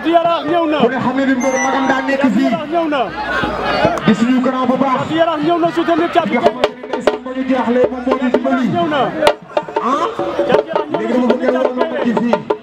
Caatu Yaraax ñëw na ku ne xam ne ni daan nekk fii ñëw na di suñu grand bu baax Caatu Yaraax ñëw na soutenir Caatu nga xamante ne ndeysaan ba ñu jaaxle moom moo ñu na ah léegi dama bëgg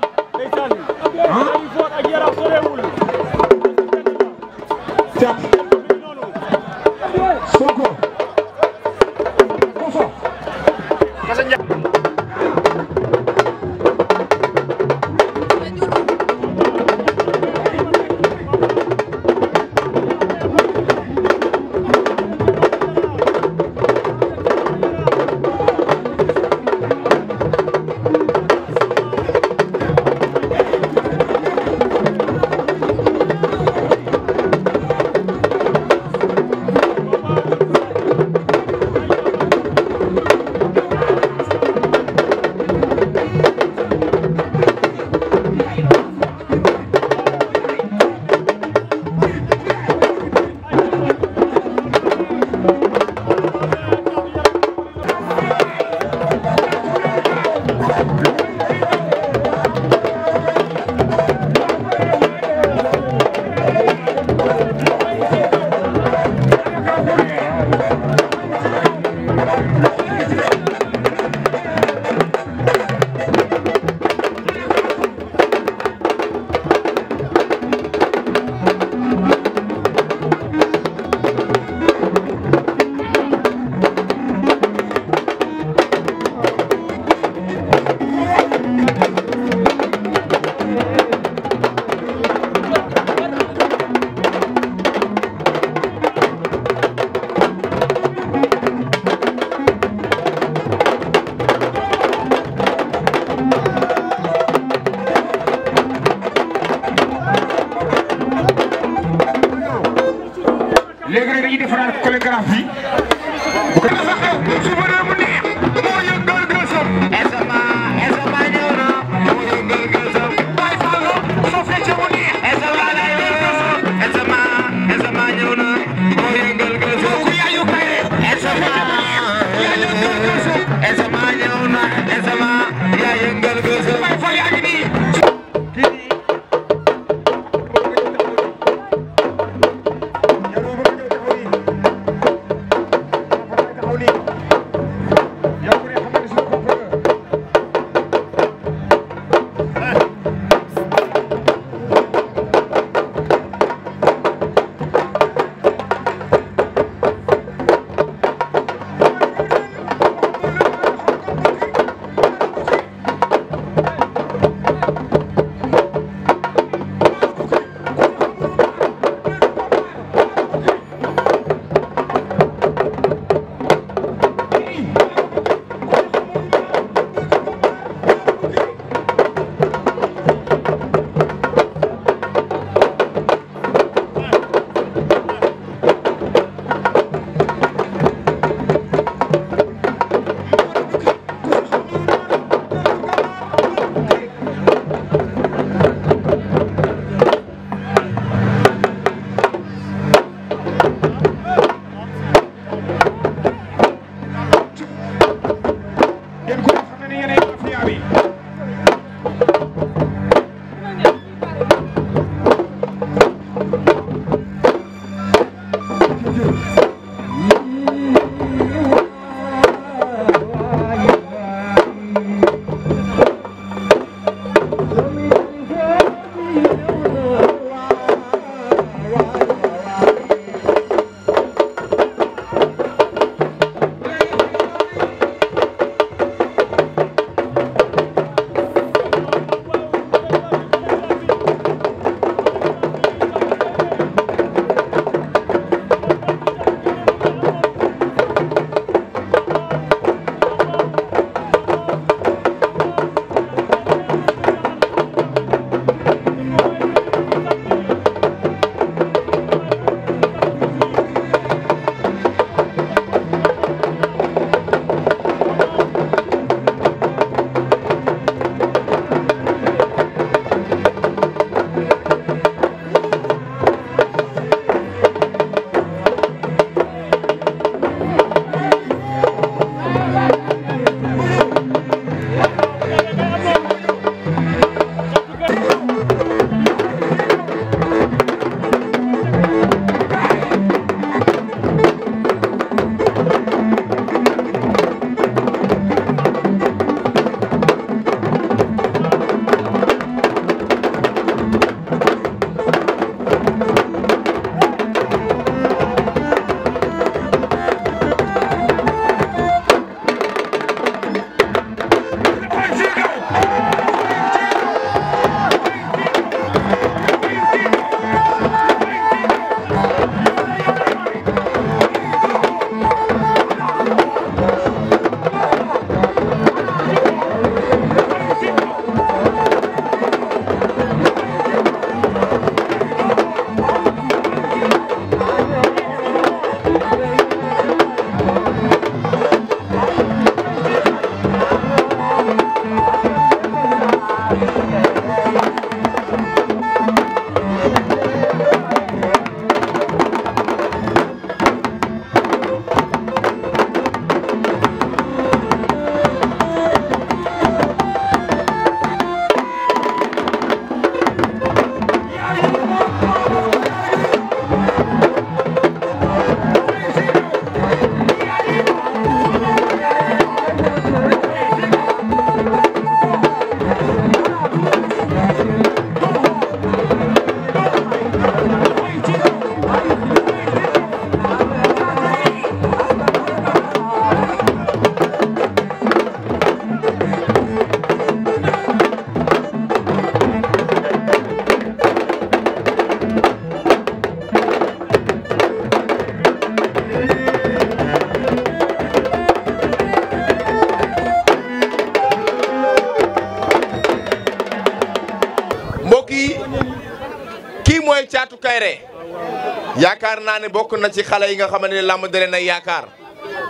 yaakaar naa ne bokk na ci xale yi nga xamante ne làmb da leen yaakaar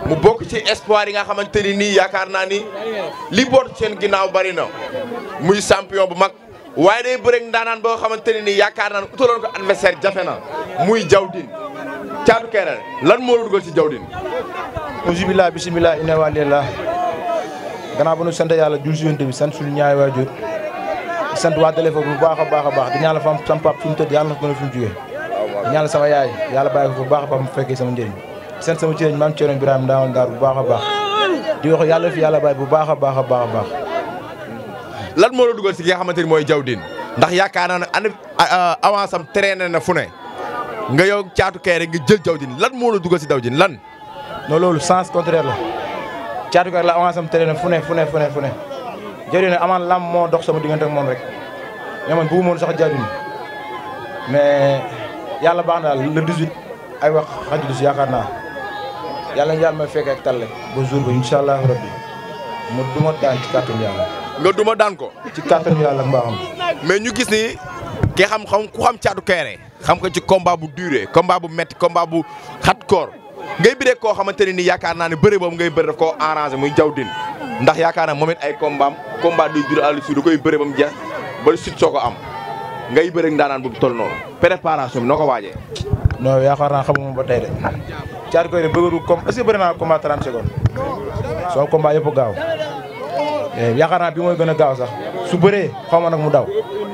mu bokk ci espoir yi nga xamante ni nii yaakaar naa ni li boot seen ginnaaw bari na muy champion bu mag waaye day bëreeg ndaanaan boo xamante ne nii yaakaar naa ne utaloon ko adversaire jafe na muy Diawdine Thiatou kere lan moo la dugal ci Diawdine auzubillah bisimilah inna walillah gannaaw ba nu sant yàlla jul si yonte bi sant suñu ñaari waajur sant waa téléphone bu baax a baax a baax di ñaan la fam sam pap fi yàlla na ko gën ñaanal sama yaay yàlla bàyyi bu baax a baax mu fekkee sama njëriñ seen sama njëriñ maam Thierno Birame Ndaawal Ndaar bu baax a baax di wax yàlla fi yàlla bàyyi bu baax baax baax a baax lan moo la dugal si ki nga xamante ni mooy Diaw Diine ndax yaakaar naa ne année avance am traîné na fu ne nga yow caatu kay rek nga jël Diaw Diine lan moo la dugal si Diaw Diine lan non loolu sens contraire la caatu kay la avance am traîné fu ne fu ne fu ne fu ne Diaw Diine amaan lam moo dox sama diggante ak moom rek ñoo moon sax Diaw Diine mais yàlla baax na daal le 18 ay wax xajul yaakaar naa yàlla na yàlla may fekk ak talle ba jour ba incha allah rabbi ma duma daan ci kàttanu yàlla. nga duma daan ko. ci kàttanu yàlla mbaaxam. mais ñu gis ni ke xam xam ku xam caatu keere xam ko ci combat bu duré combat bu met combat bu hardcore ngay bëree koo xamante ne ni yaakaar naa ne bëre boobu ngay bëri ko koo arrangé muy jaw ndax yaakaar naa moom it ay combat am combat du duré àll si da koy bëre ba mu jeex sut soo ko am. ngay bëreeg ndaanaan bu toll noonu préparation bi noo ko waajee. non xamuma ba tey de caar koy de bëggu comme est ce que gaaw eh, yaakaar naa bi mooy gën a gaaw sax su bëree xaw ma nag mu daw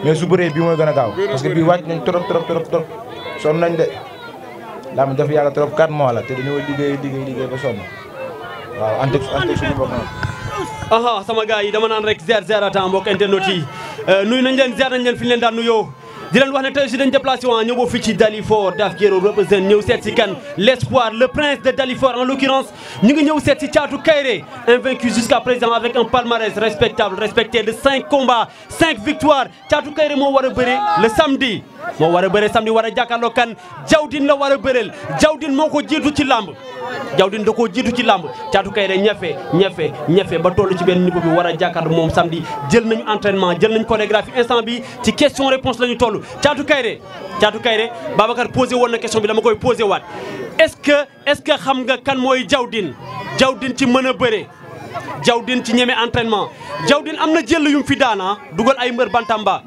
mais su bëree bii mooy gën a gaaw parce que bii wàcc nañ trop trop trop trop sonn de daa ma def yàlla trop 4 mois la te dañoo liggéey liggéey liggéey ba sonn waaw antek antek suñu mbokk sama gars yi dama naan rek zer zer ata mbokk Euh, nuyu nañ leen ziar nañ leen fi ñu leen daan nuyoo di leen wax ne tey si dañ déplacé waa ah, ñëw boo fii ci Dalifort Daf le prince de Dalifort en l'occurrence ñu ngi ñëw seet si caatu Kairé invaincu jusqu'à présent avec un palmarès respectable respecté de 5 combats 5 victoires Thiatou Kairé moo war a bëre le samedi moo war a bëre samedi war a jàkkaarloo kan jawdin la war a bëreel jawdin moo ko jiitu ci làmb jawdin da koo jiitu ci làmb caatu kayre ñafe ñafe ñafe ba toll ci benn niveau bi war a jàkkaarloo moom samedi jël nañu entraînement jël nañu chorégraphie instant bi ci question réponse la ñu toll caatu kay de caatu kay ba Babacar posé woon na question bi dama koy posé waat est-ce que est-ce que xam nga kan mooy jawdin jawdin ci mën a bëre jawdin ci ñeme entraînement jawdin am na jël yu mu daana ah. dugal ay mbër bantamba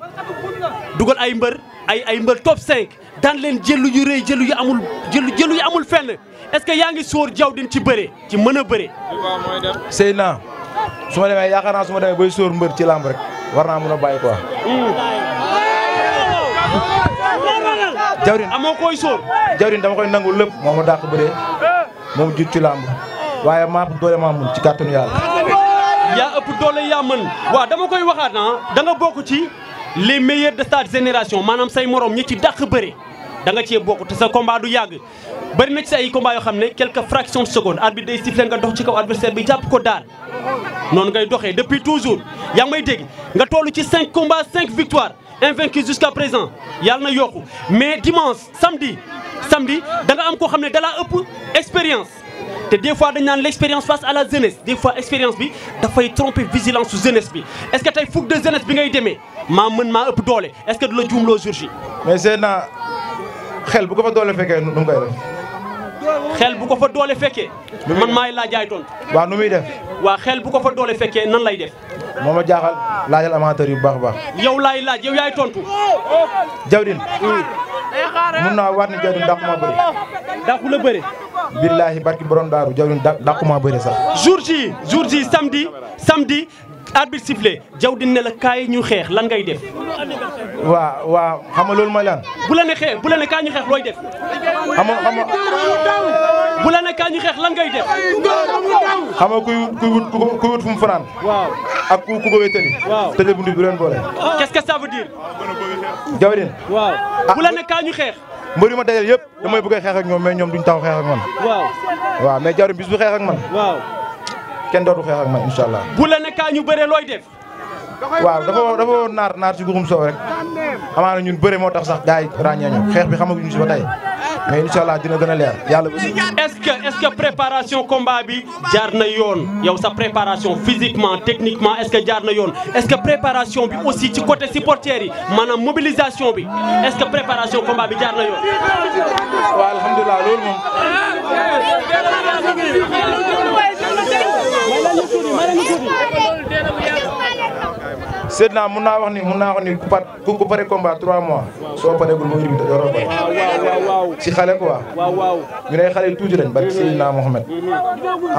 dugal ay mbër ay ay mbër top 5 daan leen jëlu yu rëy jëlu yu amul jëlu jëlu yu amul fenn est-ce que yaa ngi sóor jaww din ci bëre ci mën a bëre. Seydina su suma demee yaakaar naa su ma demee bay sóor mbër ci lamb rek war naa mën a bàyyi quoi. jawrin amoo koy sóor. jawrin dama koy nangu lépp moo ma dàq bëree moom jiit ci làmb waaye maa doole maa mun ci kàttanu yàlla. yaa ëpp doole yaa mën waaw dama koy waxaat ah da nga bokk ci. les meilleurs de ta génération maanaam say morom ñi ci dàq bëre danga nga cee bokk te sa combat du yàgg bëri nañ ci ay combat yoo xam ne quelques fractions de seconde bi day siffler nga dox ci kaw adversaire bi jàpp ko daal noonu ngay doxee depuis toujours yaa ngi may dégg nga toll ci 5 combats 5 victoires invaincu jusqu'à présent yàlla na yokku mais dimanche samedi samedi da nga am koo xam ne dalaa ëpp expérience te des fois dañ naan l' expérience face à la jeunesse des expérience bi dafay tromper vigilance su jeunesse bi est ce que tey fukk de jeunesse bi ngay demee maa mën maa ëpp doole est ce que du la juumloo jour ji mais seen na xel bu ko fa doole fekkee nu mu koy def. xel bu ko fa doole fekkee. man maay laajaay tontu. waaw nu muy def. waa xel bu ko fa doole fekkee nan lay def. moo ma jaaxal laajal amateur yu baax a baax. yow laay laaj yow yaay tontu. Jawdin. Hmm. mun naa waat ni Diawdine dàqu maa bëri. dàqu la bëri. billaahi barki borom daaru Diawdine dàqu maa bëri sax. jour ji jour ji samedi samdi arbitre sifflé Diawdine ne la kaay ñu xeex lan ngay def. waaw waaw xam nga loolu mooy lan. bu la ne xeex bu la ne kaay ñu xeex looy def. xam nga bu la ne kaay ñu xeex lan ngay kuy wut kuy wut fu mu fanaan. ak ku ko wéetali. waaw tëjee buntu bi ren boole. qu'est-ce que ça veut dire. waaw ah, bu la ne kaa ñu xeex. mbër yu ma dajal yëpp damay bëgg a xeex ak ñoom mais ñoom duñ taxaw xeex ak man. waaw waaw mais Diawédine bis bu xeex man. waaw kenn dootu xeex ak man incha allah. bu la ne kaa ñu bëree looy def. waaw dafa woo dafa woo naar naar si guxum soow rek amaana ñun bëre moo tax sax gars yi ràññee ñu xeex bi xamaguñu si ba tey mais incha dina gën a leer yàlla ba est ce préparation combat bi jaar na yoon yow sa préparation physiquement techniquement est que jaar na yoon est ce que préparation bi aussi ci côté supporters yi maanaam mobilisation bi est ce que préparation combat bi jaar na yoon waaw alhamdulilah loolu moom ma seet naa mun naa wax ni mun naa wax ni par ku pare combat 3 mois soo pareegul mu irbi yoroo pare si xale quoi ñu ne xale tuuti lañ barki Seydina Mohamed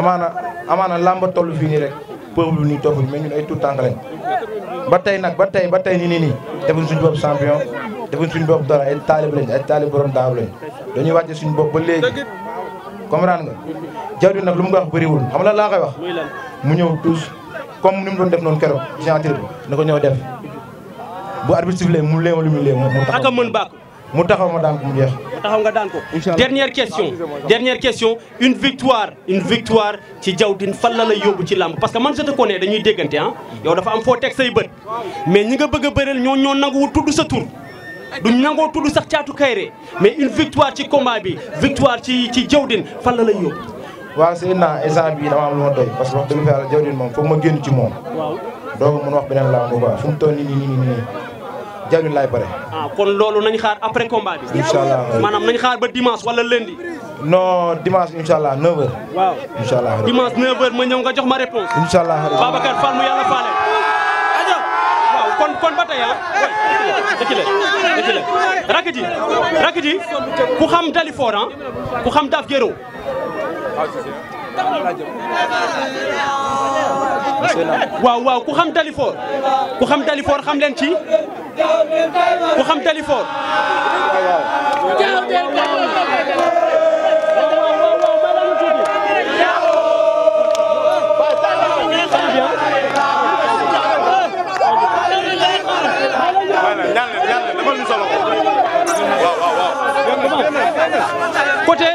amaana amaana làmba toll fii nii rek peuple nii toppuñ mais ñun ay tout tànk lañ ba tey nag ba tey ba tey nii nii nii defuñ suñu bopp champion defuñ suñu bopp dara ay taalib lañ ay taalib borom daaru lañ suñu bopp ba léegi comprendre nga jaww lu mu nga wax bëriwul xam la laa wax mu ñëw tous comme ni mu doon def noonu keroog gentil na ko ñëw def bu arbitre sifflé mu léema lu muy mu taxaw aka mën bàkk mu taxaw ma daan ko mu jeex mu taxaw nga daan ko dernière question dernière question une victoire une victoire ci Diawdine fan la lay yóbbu ci làmb parce que man je te connais dañuy déggante ah yow dafa am foo teg say bët mais ñi nga bëgg a bëreel ñoo ñoo nanguwul tudd sa tur duñ nangoo tudd sax caatu kayre mais une victoire ci combat bi victoire ci ci din fan la lay yóbbu waaw sëy naa instant bii dama am lu ma parce que wax dëgg fa yàlla jawriñ moom foog ma génn ci moom dooga mën wax beneen laa mu quoi fu mu toll nii nii nii nii jawriñ laay bare ah kon loolu nañ xaar après combat bi incha xaar ba dimanche wala lundi non dimanche incha allah 9h waaw incha allah ma ñëw nga jox ma réponse incha allah Babacar Fall faale ajo waaw kon kon ba tey ah. dëkk la ku xam Dalifor ah ku xam Daf Géro waaw waaw ku xam Dalifort ku xam Dalifort xam leen ci ku xam Dalifort côté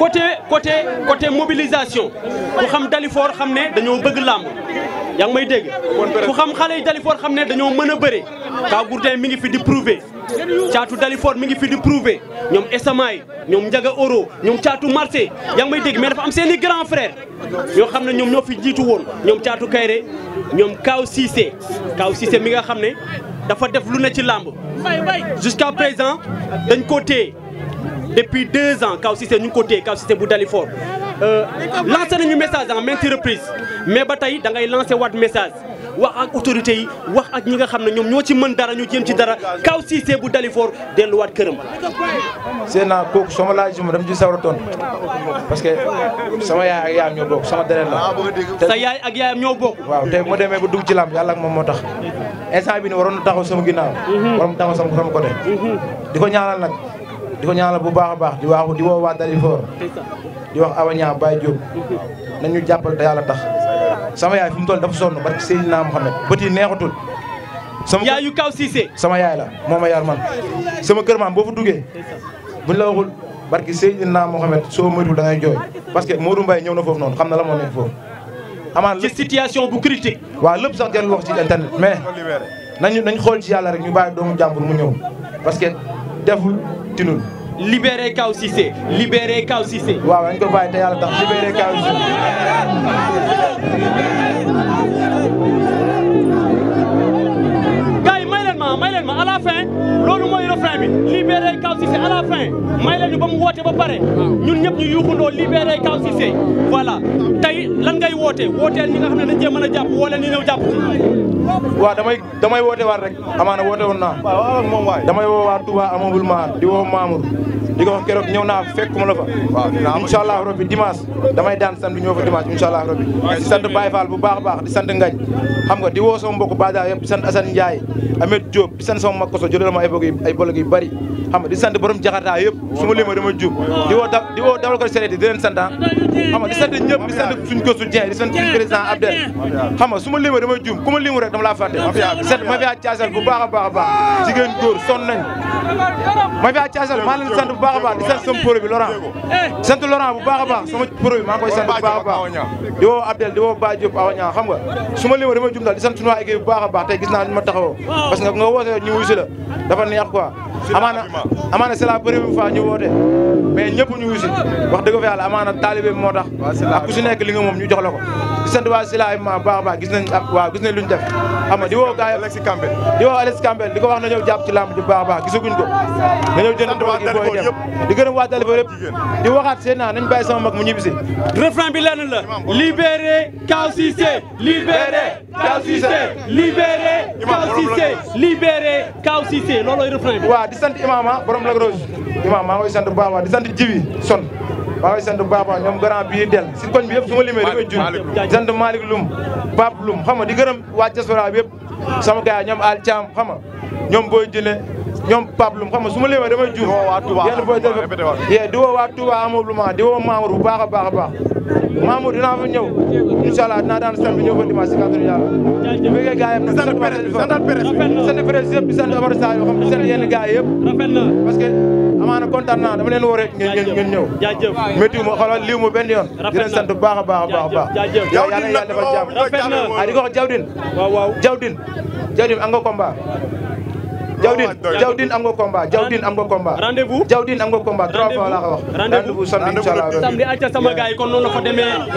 côté côté côté mobilisation ku xam Dalifort xam ne dañoo bëgg làmb yaa ngi may dégg ku xam xale yi Dalifort xam ne dañoo mën a bëre Kaw Gourdin mi ngi fi di prouver caatu Dalifort mi ngi fi di prouver ñoom Esamaay ñoom Njaga euro ñoom caatu Marché yaa ngi may dégg mais dafa am seen i grand frère yoo xam ne ñoom ñoo fi jiitu woon ñoom caatu Kayre ñoom Kaw Cissé Kaw Cissé mi nga xam ne dafa def lu ne ci làmb jusqu'à présent dañ ko téye depuis deux ans Kaw Cissé ñu ngi ko téye Kaw Cissé bu Dalifort euh, lancé ñu message en maintes reprises mais ba tey da ngay lancé waat message wax ak autorités yi wax ak ñi nga xam ne ñoom ñoo ci mën dara ñu jéem ci dara Kaw Cissé bu Dalifort delluwaat këram. seen naa kooku a laaj bi ma dama ci sawar a tontu parce que sama yaay ak yaayam ñoo bokk sama deret la. Ah, sa yaay ak yaayam ñoo bokk. waaw te mu demee ba dugg ci lam yàlla ak moom moo tax instant bi ni waroon na taxaw sama ginnaaw. Mhm. waroon na taxaw sama sama côté. Mhm. di di ko la bu baax a baax di waaxu di woo waa Dalifort di wax Awaña Baye Diop nañu jàppal te yàlla tax sama yaay fu mu toll dafa sonn barki Seydina Mohamed bët yi neexatul. sama yaay yu kaw Cissé. sama yaay la moo ma sama kër maam boo fa duggee buñ la waxul barki Seydina Mohamed soo moytuwul da ngay jooy parce que Modou Mbaye ñëw na foofu noonu xam na la moo nekk foofu. amaan ci situation bu critique waaw lépp sax jarul wax ci internet mais nañu nañ xool ci yàlla rek ñu bàyyi doomu jàmbur mu ñëw parce que ci ñun. libéré Kaw Cissé libéré Kaw waaw dañ ko bàyyi te yàlla tax libéré Kaw Cissé. gars yi ma may ma à la loolu mooy refrain bi libéré Kaw Cissé à la fin may leen woote ba pare ñun ñëpp ñu yuuxundoo libéré Kaw Cissé voilà. woote wooteel ñi a jàpp woo leen damay damay woote waat rek amaana woote woon naa damay woo waa Touba amabul maar di woo Mamour li nga wax keroog ñëw naa fekkuma la fa waaw incha allah rabbi dimanche damay daan sant ñëw fa dimanche incha allah rabbi di sant bu baax a baax di sant Ngañ xam nga di woo sama mbokk Bada yëpp di sant Assane Ndiaye Amet koso jëlal ma ay bëgg ay bari xam nga borom jaxataa yëpp su ma limee dama jub di woo di woo dawal ko sereet yi di leen sant ah. xam nga di sant Abdel xam nga su ma limee damay jub a a baax a di sant sama pro bi Laurent sant Laurent bu baax a baax sama maa ngi koy bu baax a di woo Abdel di woo Ba Diop Awa Niang xam nga su ma lima dama jum daal di sant suñu waa équipe bu baax a baax tey gis naa ni ma taxawoo parce que nga wootee ñu wuyu si la dafa neex quoi amaana amaana c'est la première fois ñu woote mais ñëpp ñu wusi wax dëgg fa yàlla amaana taalibe bi moo tax ak ku si ñu jox la ko di sant waa Sila ma baax a baax gis nañ waaw luñ def xam di woo gars Alexis Campbell di ko wax na ñëw jàpp ci làmb baax a baax gisaguñ ko nga ñëw jënd doole gi booy dem di waxaat seen naa nañ bàyyi sama mu ñibbisi refrain bi lenn la libéré Kaw Cissé libéré Kaw Cissé libéré Kaw Cissé libéré Kaw Cissé loolooy refrain bi di sant imaama borom Lac Rose imaam maa ngi sant bu di sant jibi son maa ngi sant bu baax ñoom grand bi del si koñ bi yëpp su ma limee da koy jur di sant Malick Loum Pape Loum xam di gërëm waa diaspora bi yëpp sama gars ñoom Al Thiam xam nga ñoom booy ñoom Pape Loum xam nga su ma léemee damay juum. di woo waa Touba di woo waa Touba ameublement di woo Mamour bu baax a baax a baax Mamour dinaa fa ñëw incha allah naa daan sant ñëw fa dimanche si kàddu yàlla. bu fekkee bi sant presse bi sant presse yëpp di sant Amady Sarr yoo xam di sant yenn gars yëpp. rafet na parce que amaana kontaan naa dama leen woo rek ngeen ngeen ñëw. jaajëf métti ma xoolal lii mu benn yoon. di leen sant bu baax baax a baax. jaajëf yàlla yàlla defal jàmm. rafet na ah, di ko wax Jawdin. waaw waaw Jawdin Jawdin am Jawdin a am nga combat Jawdin am nga combat. rendez-vous Jawdin a nga combat trois fois laa ko wax. rendez acca sama gars kon noonu la fa